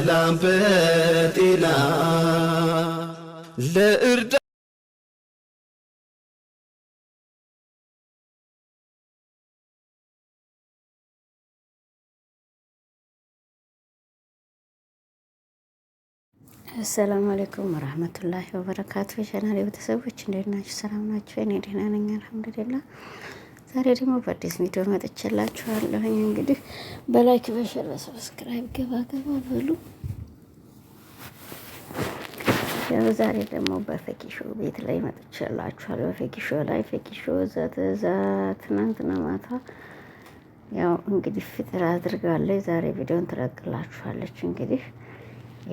በሰላም በጤና ለእርዳ አሰላሙ አለይኩም ወረህመቱላሂ ወበረካቱ። የቻናል ቤተሰቦች እንዴት ናችሁ? ሰላም ናችሁ? እኔ ደህና ነኝ፣ አልሐምዱሊላህ ዛሬ ደግሞ በአዲስ ቪዲዮ መጥቼላችኋለሁኝ። እንግዲህ በላይክ በሸር በሰብስክራይብ ገባ ገባ በሉ። ያው ዛሬ ደግሞ በፈኪሾ ቤት ላይ መጥቼላችኋል። በፈኪሾ ላይ ፈኪሾ ዘተዛ ትናንትና ማታ ያው እንግዲህ ፍጥር አድርጋለች። ዛሬ ቪዲዮን ትለቅላችኋለች። እንግዲህ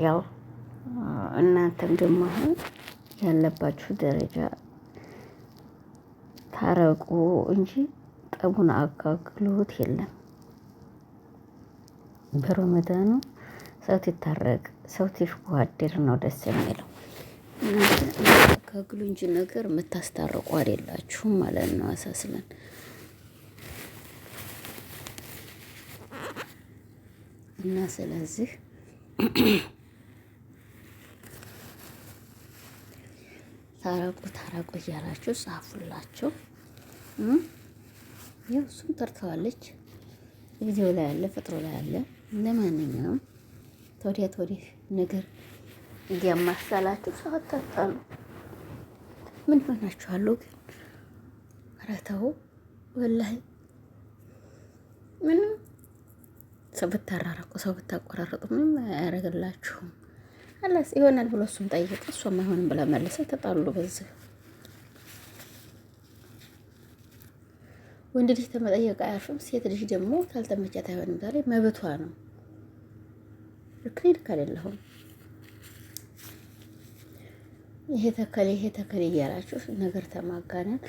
ያው እናንተም ደግሞ አሁን ያለባችሁ ደረጃ ታረቁ እንጂ ጠቡን አጋግሎት የለም። በረመዳኑ ሰው ትታረቅ ሰው ትሽዋደር ነው ደስ የሚለው። አጋግሉ እንጂ ነገር የምታስታርቁ አይደላችሁም ማለት ነው። አሳስለን እና ስለዚህ ታረቁ ታረቁ እያላችሁ ጻፉላቸው። ያው እሱም ጠርተዋለች። ቪዲዮ ላይ አለ፣ ፍጥሮ ላይ አለ። ለማንኛውም ተወዲያ ተወዲህ ነገር እንዲያማሳላችሁ ሳታጣሉ ምን ሆናችኋለሁ? ግን ኧረ ተው ወላሂ ምንም ሰው ብታራረቁ ሰው ብታቆራረጡ ምንም አያደርግላችሁም። አላስ ይሆናል ብሎ እሱም ጠየቀ፣ እሷም አይሆንም ብላ መለሰ። ተጣሉ። በዚህ ወንድ ልጅ ተመጠየቅ አያርፍም። ሴት ልጅ ደግሞ ካልተመቻት አይሆንም። ዛሬ መብቷ ነው። ልክ ነኝ ይሄ ተከሌ ይሄ ተከሌ እያላችሁ ነገር ተማጋነን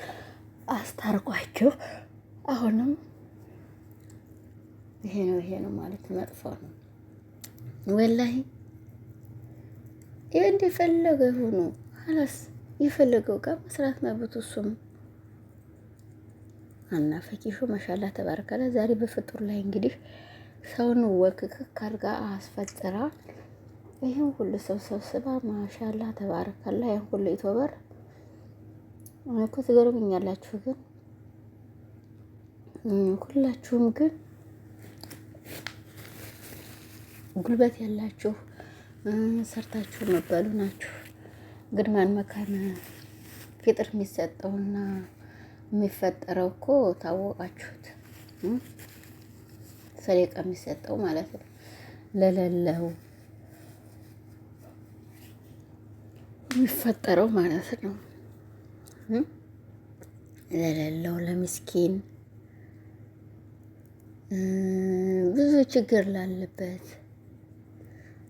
አስታርቋችሁ። አሁንም ይሄ ነው ይሄ ነው ማለት መጥፎ ነው ወላሂ። እንደፈለገ ሆኖ አላስ የፈለገው ጋር መስራት መብቱ እሱ አና እና ፈኪሹ ማሻላ ተባረካላ። ዛሬ በፍጡር ላይ እንግዲህ ሰውን ወክክ አድርጋ አስፈጥራ ይህን ሁሉ ሰው ሰብስባ ማሻላ ተባረከላ። ይህን ሁሉ ኢትዮበር እኮ ትገርሙኛላችሁ። ግን ሁላችሁም ግን ጉልበት ያላችሁ ሰርታችሁ መበሉ ናችሁ። ግን ማን መካነ ፍጥር የሚሰጠውና የሚፈጠረው እኮ ታወቃችሁት። ሰሌቃ የሚሰጠው ማለት ነው ለለለው የሚፈጠረው ማለት ነው ለሌለው ለምስኪን ብዙ ችግር ላለበት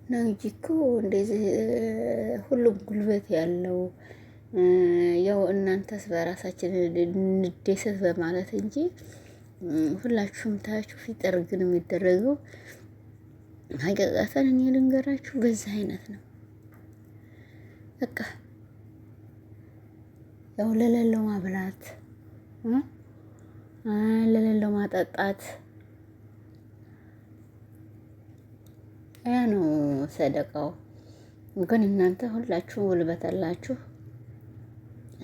እና እኮ እንደዚህ ሁሉም ጉልበት ያለው ያው እናንተስ በራሳችን እንደሰት በማለት እንጂ ሁላችሁም ታያችሁ ፊጠር ግን የሚደረገው ሀቂቃተን እኔ ልንገራችሁ በዚህ አይነት ነው። በቃ ያው ለሌለው ማብላት፣ ለሌለው ማጠጣት ያ ነው። ሰደቃው። ግን እናንተ ሁላችሁ ጉልበት አላችሁ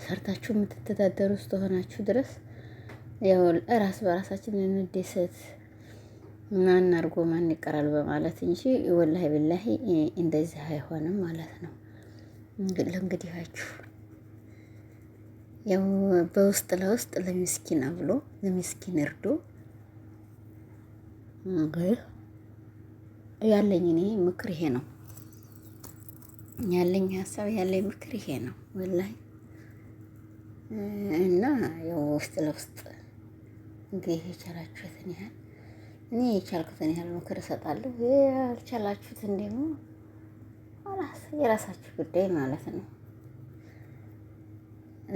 ሰርታችሁ የምትተዳደሩ እስከሆናችሁ ድረስ ያው ራስ በራሳችን እንደሰት እና እናርጎ ማን ይቀራል በማለት እንጂ ወላሂ ቢላሂ እንደዚህ አይሆንም ማለት ነው። ለእንግዲያችሁ ያው በውስጥ ለውስጥ ለሚስኪን አብሎ ለሚስኪን እርዶ እንግዲህ ያለኝ እኔ ምክር ይሄ ነው ያለኝ ሀሳብ ያለኝ ምክር ይሄ ነው ወላሂ። እና ያው ውስጥ ለውስጥ እንግዲህ የቻላችሁትን ያህል እኔ የቻልኩትን ያህል ምክር እሰጣለሁ። ያልቻላችሁትን ደግሞ የራሳችሁ ጉዳይ ማለት ነው።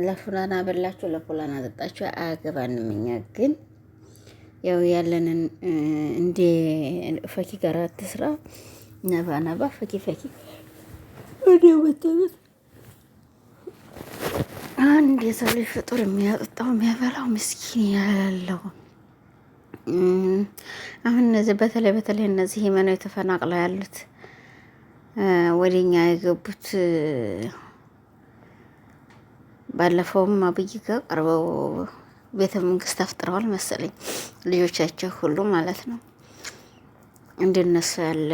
ለፉላና በላችሁ፣ ለፉላና ጠጣችሁ አያገባንም እኛ ግን ያው ያለንን እንደ ፈኪ ጋር አትስራ ነባ ነባ ፈኪ ፈኪ ወደወተበት አንድ የሰው ልጅ ፍጡር የሚያጠጣው የሚያበላው ምስኪን ያለው አሁን እነዚህ በተለይ በተለይ እነዚህ የመነው የተፈናቅለው ያሉት ወደኛ የገቡት ባለፈውም አብይ ጋር ቀርበው ቤተ መንግስት አፍጥረዋል መሰለኝ ልጆቻቸው ሁሉ ማለት ነው። እንደነሱ ያለ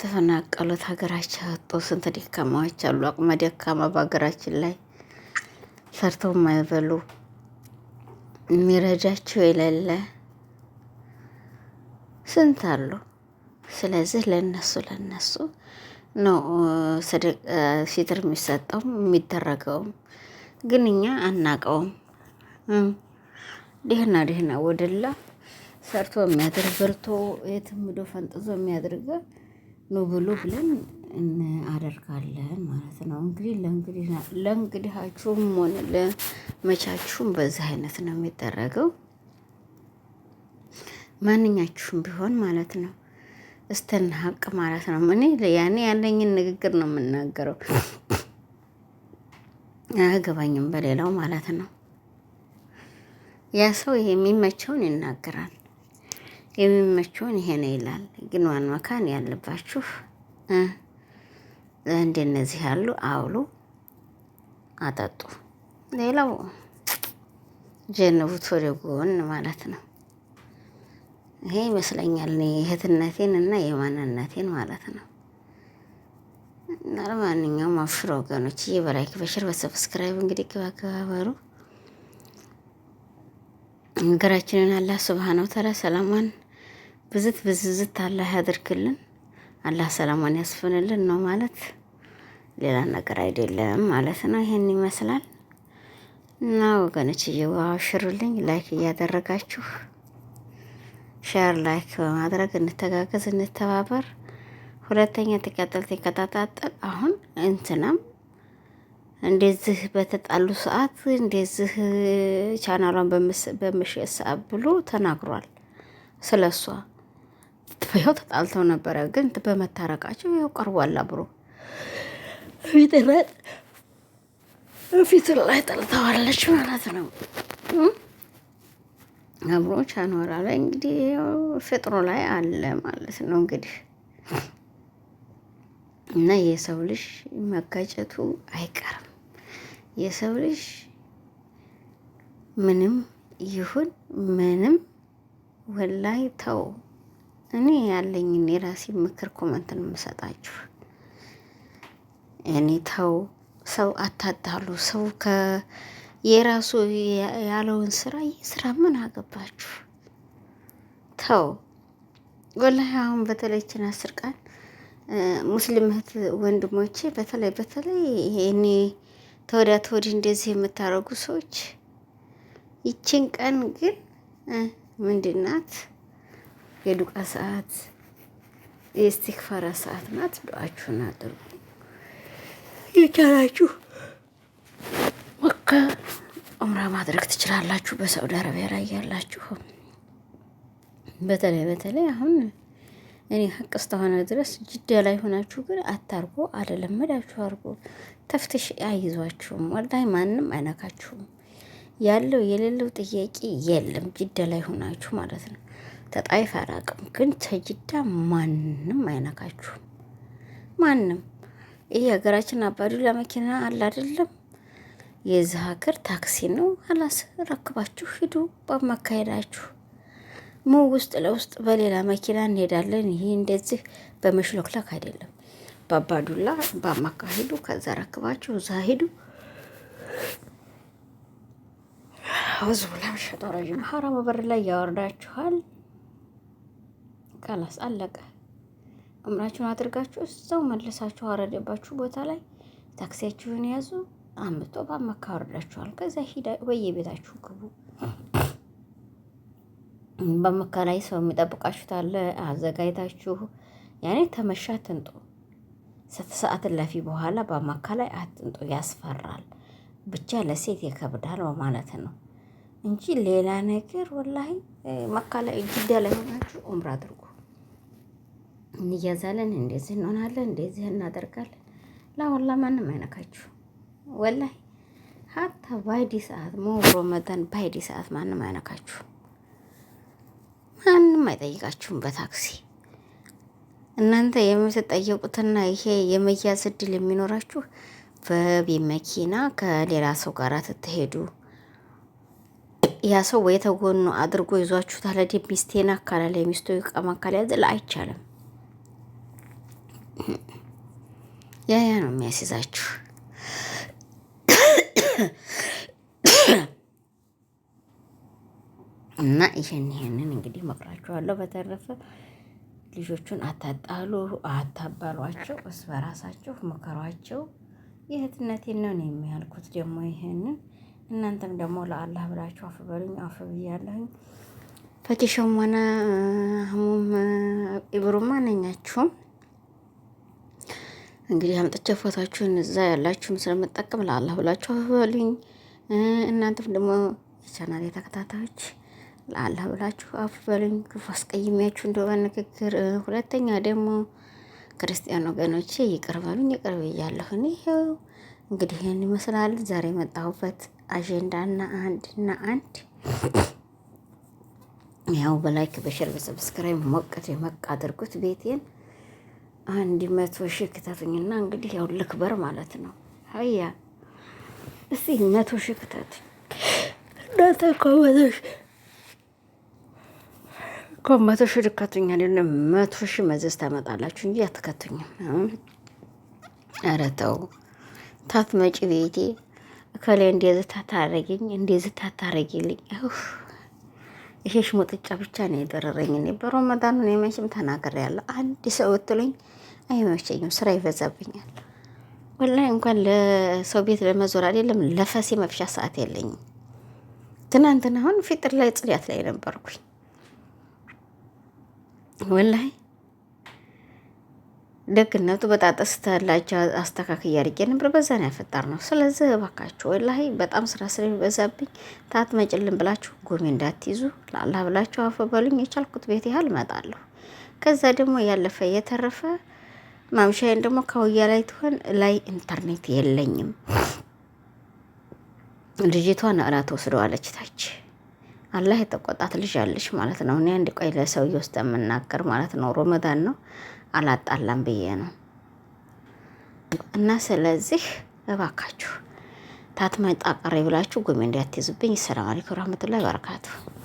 ተፈናቀሉት ሀገራቸው አጡ ስንት ደካማዎች አሉ። አቅመ ደካማ በሀገራችን ላይ ሰርተው የማይበሉ የሚረዳቸው የሌለ ስንት አሉ። ስለዚህ ለነሱ ለነሱ ነው ፊትር የሚሰጠውም የሚደረገውም፣ ግን እኛ አናቀውም። ደህና ደህና ወደላ ሰርቶ የሚያድር በልቶ የትም ዶ ፈንጥዞ የሚያድርገ ኑ ብሎ ብለን እናደርጋለን ማለት ነው። እንግዲህ ለእንግዲሃችሁም ሆነ ለመቻችሁም በዚህ አይነት ነው የሚደረገው። ማንኛችሁም ቢሆን ማለት ነው እስተን ሀቅ ማለት ነው። እኔ ያኔ ያለኝን ንግግር ነው የምናገረው፣ አያገባኝም በሌላው ማለት ነው። ያ ሰው ይሄ የሚመቸውን ይናገራል፣ የሚመቸውን ይሄ ነው ይላል። ግን ዋን መካን ያለባችሁ እንደነዚህ ያሉ አውሉ፣ አጠጡ። ሌላው ጀንቡት ወደ ጎን ማለት ነው። ይሄ ይመስለኛል እኔ የእህትነቴን እና የማንነቴን ማለት ነው። እና ለማንኛውም አፍሮ ወገኖች በላይክ በሽር በሰብስክራይብ እንግዲህ ገባገባ በሩ ሀገራችንን አላህ ስብሓን ወተዓላ ሰላሟን ብዝት ብዝዝት አላህ ያድርግልን። አላህ ሰላሟን ያስፍንልን ነው ማለት ሌላ ነገር አይደለም ማለት ነው። ይሄን ይመስላል እና ወገኖች እየዋሽሩልኝ ላይክ እያደረጋችሁ ሼር ላይክ በማድረግ እንተጋገዝ፣ እንተባበር። ሁለተኛ ተቀጠል ትቀጣጣጠል አሁን እንትናም እንደዚህ በተጣሉ ሰዓት እንደዚህ ቻናሏን በመሸጥ ሰዓት ብሎ ተናግሯል። ስለ እሷ ይኸው ተጣልተው ነበረ፣ ግን በመታረቃቸው ይኸው ቀርቧል አብሮ ፊት ላይ ጠልተዋለች ማለት ነው። አብሮ ቻኖራ ላይ እንግዲህ ፍጥሮ ላይ አለ ማለት ነው እንግዲህ እና የሰው ልጅ መጋጨቱ አይቀርም። የሰው ልጅ ምንም ይሁን ምንም ወላይ ተው። እኔ ያለኝን የራሴ ምክር ኮመንት ነው የምሰጣችሁ። እኔ ተው ሰው አታጣሉ። ሰው የራሱ ያለውን ስራ ይህ ስራ ምን አገባችሁ? ተው ወላሂ። አሁን በተለይችን አስር ቀን ሙስሊም እህት ወንድሞቼ በተለይ በተለይ እኔ ተወዳ ተወዲ እንደዚህ የምታደርጉ ሰዎች ይችን ቀን ግን ምንድናት? የዱቃ ሰዓት፣ የእስቲክፋራ ሰዓት ናት። ዱአችሁን አድርጉ ይቻላችሁ ወካ ዑምራ ማድረግ ትችላላችሁ። በሳውዲ አረቢያ ላይ ያላችሁ በተለይ በተለይ አሁን እኔ ሀቅ እስተሆነ ድረስ ጅዳ ላይ ሆናችሁ ግን አታርጎ አለለመዳችሁ አርጎ ተፍትሽ አይዟችሁም። ወላሂ ማንም አይነካችሁም። ያለው የሌለው ጥያቄ የለም። ጅዳ ላይ ሆናችሁ ማለት ነው። ተጣይፍ አላቅም፣ ግን ተጅዳ ማንም አይነካችሁም። ማንም ይህ የሀገራችን አባዱላ መኪና አለ አይደለም? የዚህ ሀገር ታክሲ ነው። አላስ ረክባችሁ ሂዱ በመካሄዳችሁ ሙ ውስጥ ለውስጥ በሌላ መኪና እንሄዳለን። ይህ እንደዚህ በመሽሎክላክ አይደለም። በአባዱላ በአማካ ሂዱ፣ ከዛ ረክባችሁ እዛ ሄዱ። ሂዱ። ብላም ሸጠረጅም ሀራም በር ላይ ያወርዳችኋል። ከላስ አለቀ። እምራችሁን አድርጋችሁ እዛው መለሳችሁ አረደባችሁ ቦታ ላይ ታክሲያችሁን ያዙ። አምቶ በአማካ ወርዳችኋል። ከዛ ሂዳ ቤታችሁ ግቡ። በመካላይ ሰው የሚጠብቃችሁት አለ አዘጋጅታችሁ ያኔ ተመሻ አትንጡ። ሰዓት ለፊ በኋላ ላይ አትንጡ፣ ያስፈራል። ብቻ ለሴት ይከብዳል ማለት ነው እንጂ ሌላ ነገር ወላሂ መካ ላይ ጅዳ ላይ ሆናችሁ ኡምራ አድርጉ። እንያዛለን፣ እንደዚህ እንሆናለን፣ እንደዚህ እናደርጋለን። ላወላ ማንም አይነካችሁ ወላሂ ሀታ ባይዲ ሰዓት ሞ መጠን ባይዲ ሰዓት ማንም አይነካችሁ። ማንም አይጠይቃችሁም በታክሲ እናንተ የምትጠየቁትና ይሄ የመያዝ እድል የሚኖራችሁ በቤ መኪና ከሌላ ሰው ጋር ትትሄዱ ያ ሰው ወይ ተጎኑ አድርጎ ይዟችሁ ታለድ ሚስቴን አካላል የሚስቶ ቀማ አካል ያዘ አይቻልም። ያ ያ ነው የሚያስይዛችሁ። እና ይሄን ይሄንን እንግዲህ መክራችኋለሁ። በተረፈ ልጆቹን አታጣሉ፣ አታባሏቸው፣ እስ በራሳቸው ምከሯቸው። የእህትነቴን ነው የሚያልኩት ደግሞ ይሄንን እናንተም ደግሞ ለአላህ ብላችሁ አፍ በሉኝ። አፍ ብያለሁኝ። ፈቲሽም ሆነ ህሙም ኢብሩ ማንኛችሁም እንግዲህ አምጥቼ ፎታችሁን እዛ ያላችሁም ስለምጠቀም ለአላህ ብላችሁ አፍበሉኝ። እናንተም ደግሞ የቻናል ተከታታዮች ለአላህ ብላችሁ አፍ በሉኝ። ክፉ አስቀይሜያችሁ እንደሆነ ንግግር። ሁለተኛ ደግሞ ክርስቲያን ወገኖች ይቅር በሉኝ። ይቅር ብያለሁ። ይኸው እንግዲህ ይህን ይመስላል ዛሬ የመጣሁበት አጀንዳና አንድና አንድ ያው በላይክ በሸር በሰብስክራይብ ሞቅ የመቅ አድርጉት። ቤቴን አንድ መቶ ሺህ ክተቱኝና እንግዲህ ያው ልክበር ማለት ነው። ሀያ እስቲ መቶ ሺህ ክተቱኝ እናንተ ከመቶ ሺህ እኮ መቶ ሺህ ልከቱኝ አይደለም መቶ ሺህ መዘዝ ታመጣላችሁ እንጂ አትከቱኝም። ኧረ ተው ታት መጪ ቤቴ እከሌ እንደዚህ ታታረጊኝ እንደዚህ ታታረጊልኝ። ይሄሽ ሙጥጫ ብቻ ነው የደረረኝ። እኔ በረመዳኑ ነው የመቼም ተናገር ያለ አንድ ሰው እትሉኝ አይመቸኝም። ስራ ይበዛብኛል። ወላሂ እንኳን ለሰው ቤት ለመዞር አይደለም ለፈሴ መፍሻ ሰዓት የለኝም። ትናንትና አሁን ፊጥር ላይ ጽዳት ላይ ነበርኩኝ። ወላይ ደግነቱ በጣጠስ ተላቸው አስተካክ አድርጌ ነበር። በዛ ነው ያፈጣር ነው። ስለዚህ እባካችሁ ወላሂ በጣም ስራ ስለሚበዛብኝ ታት መጭልን ብላችሁ ጎሜ እንዳትይዙ ላላ ብላችሁ አፈበሉኝ። የቻልኩት ቤት ያህል እመጣለሁ። ከዛ ደግሞ ያለፈ የተረፈ ማምሻዬን ደግሞ ካውያ ላይ ትሆን ላይ ኢንተርኔት የለኝም። ልጅቷን እራት ወስደዋለች ታች አላህ የተቆጣት ልጅ አለች ማለት ነው። እኔ አንድ ቆይ ለሰውዬ ውስጥ የምናገር ማለት ነው ሮመዳን ነው አላጣላም ብዬ ነው እና ስለዚህ እባካችሁ ታትመጣ ቀሪ ብላችሁ ጎሜ እንዳትይዙብኝ። ሰላም አለይኩም ረህመቱላሂ በረካቱ